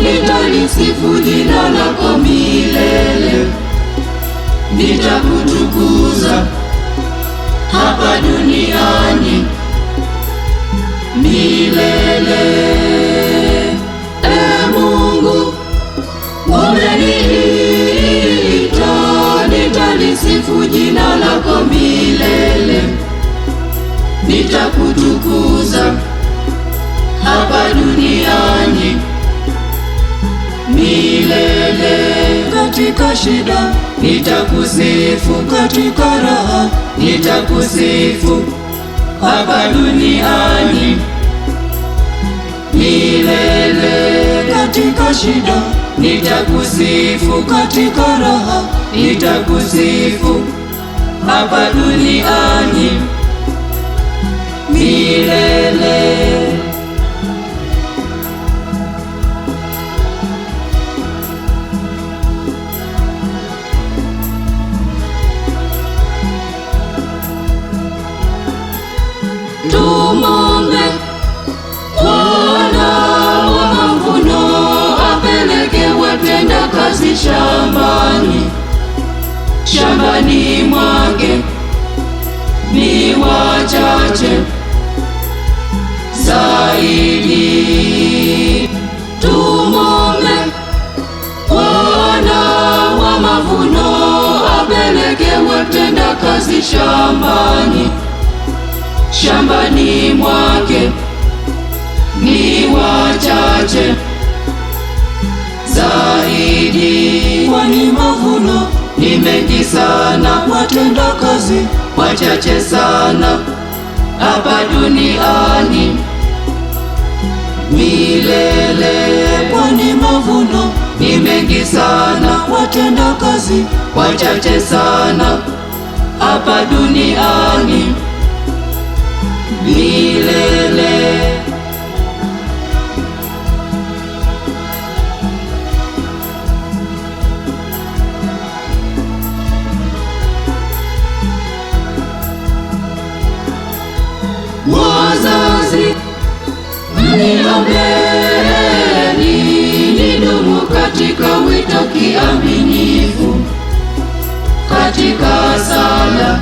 Nitalisifu jina lako milele, nitakutukuza hapa duniani milele. E Mungu, umeniita, nitalisifu jina lako milele, nitakutukuza hapa duniani milele. Katika shida nitakusifu, katika raha nitakusifu, hapa duniani milele. Katika shida nitakusifu, katika raha nitakusifu, hapa duniani milele. kazi shambani, shambani mwake ni wachache zaidi. Tumume Bwana wa mavuno apeleke watenda kazi shambani, shambani mwake ni wachache mavuno ni mengi sana, watenda kazi wachache sana hapa duniani milele, kwani mavuno ni mengi sana, watenda kazi wachache sana hapa duniani milele katika wito kiaminifu, katika sala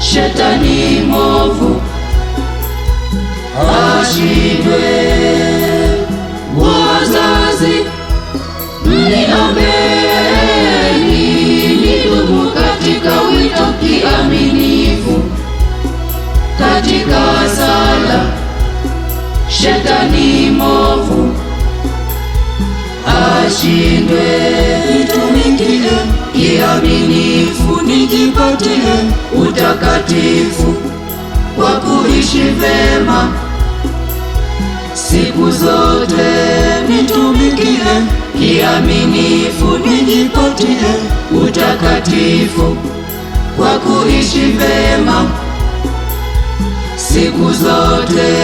shetani mwovu ashindwe. Wazazi mniombeni nidumu katika wito kiaminifu, katika sala shetani mwovu ashindwe. Nitumikile kiaminifu, nijipatile utakatifu kwa kuishi vema siku zote. Nitumikile kiaminifu, nijipatile utakatifu kwa kuishi vema siku zote.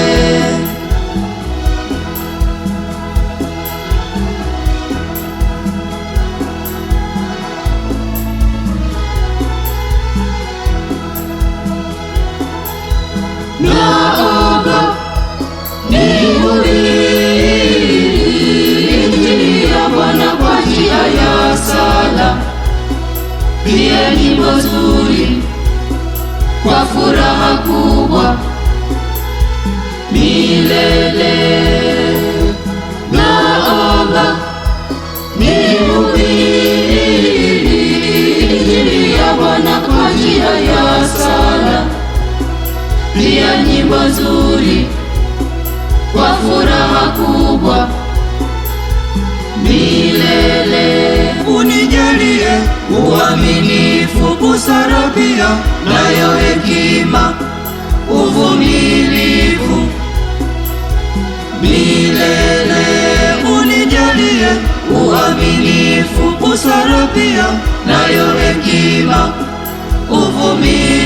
pia nyimbo nzuri kwa furaha kubwa milele. Naomba nihubiri injili ya Bwana kwa njia ya sala, pia nyimbo nzuri kwa furaha kubwa milele uaminifu, busara pia nayo hekima, uvumilivu milele. Unijalie uaminifu, busara pia nayo hekima, uvumilivu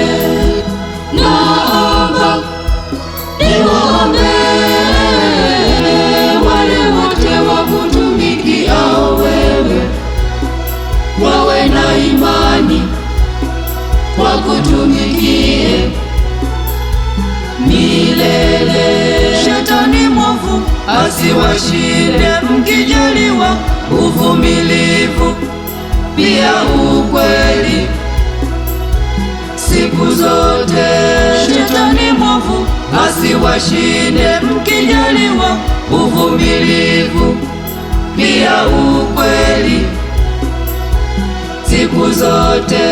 asiwashinde mkijaliwa uvumilivu pia ukweli. Siku zote shetani mwovu asiwashinde mkijaliwa uvumilivu pia ukweli siku zote